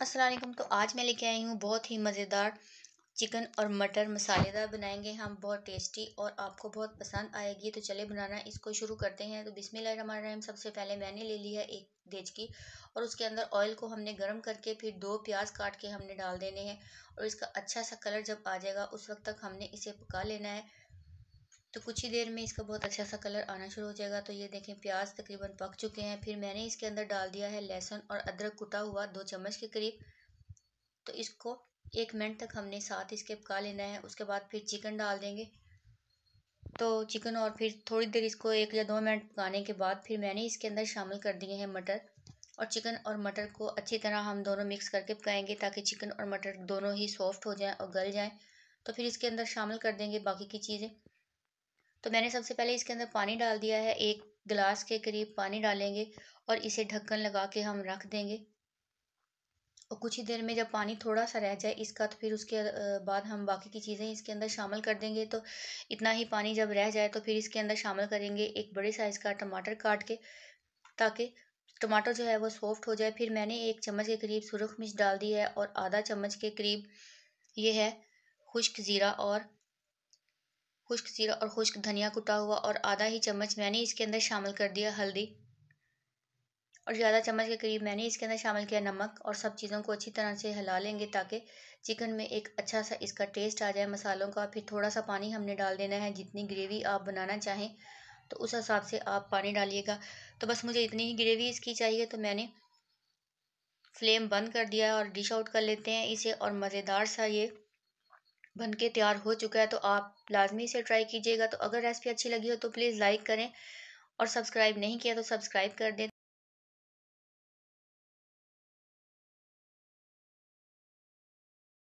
असलम तो आज मैं लेके आई हूँ बहुत ही मज़ेदार चिकन और मटर मसालेदार बनाएंगे हम बहुत टेस्टी और आपको बहुत पसंद आएगी तो चले बनाना इसको शुरू करते हैं तो बिस्मिल सबसे पहले मैंने ले लिया एक की और उसके अंदर ऑयल को हमने गर्म करके फिर दो प्याज काट के हमने डाल देने हैं और इसका अच्छा सा कलर जब आ जाएगा उस वक्त तक हमने इसे पका लेना है तो कुछ ही देर में इसका बहुत अच्छा सा कलर आना शुरू हो जाएगा तो ये देखें प्याज तकरीबन पक चुके हैं फिर मैंने इसके अंदर डाल दिया है लहसुन और अदरक कुटा हुआ दो चम्मच के करीब तो इसको एक मिनट तक हमने साथ इसके पका लेना है उसके बाद फिर चिकन डाल देंगे तो चिकन और फिर थोड़ी देर इसको एक या दो मिनट पकाने के बाद फिर मैंने इसके अंदर शामिल कर दिए हैं मटर और चिकन और मटर को अच्छी तरह हम दोनों मिक्स करके पकाएंगे ताकि चिकन और मटर दोनों ही सॉफ्ट हो जाएं और गल जाएं तो फिर इसके अंदर शामिल कर देंगे बाकी की चीज़ें तो मैंने सबसे पहले इसके अंदर पानी डाल दिया है एक गिलास के करीब पानी डालेंगे और इसे ढक्कन लगा के हम रख देंगे और कुछ ही देर में जब पानी थोड़ा सा रह जाए इसका तो फिर उसके बाद हम बाकी की चीज़ें इसके अंदर शामिल कर देंगे तो इतना ही पानी जब रह जाए तो फिर इसके अंदर शामिल करेंगे एक बड़े साइज़ का टमाटर काट के ताकि टमाटर जो है वो सॉफ्ट हो जाए फिर मैंने एक चम्मच के करीब सुरख मिर्च डाल दी है और आधा चम्मच के करीब ये है खुश्क ज़ीरा और खुश्क जीरा और खुश्क धनिया कुटा हुआ और आधा ही चम्मच मैंने इसके अंदर शामिल कर दिया हल्दी और ज़्यादा चम्मच के करीब मैंने इसके अंदर शामिल किया नमक और सब चीज़ों को अच्छी तरह से हिला लेंगे ताकि चिकन में एक अच्छा सा इसका टेस्ट आ जाए मसालों का फिर थोड़ा सा पानी हमने डाल देना है जितनी ग्रेवी आप बनाना चाहें तो उस हिसाब से आप पानी डालिएगा तो बस मुझे इतनी ही ग्रेवी इसकी चाहिए तो मैंने फ्लेम बंद कर दिया और डिश आउट कर लेते हैं इसे और मज़ेदार सा ये बन के तैयार हो चुका है तो आप लाजमी इसे ट्राई कीजिएगा तो अगर रेसिपी अच्छी लगी हो तो प्लीज़ लाइक करें और सब्सक्राइब नहीं किया तो सब्सक्राइब कर दें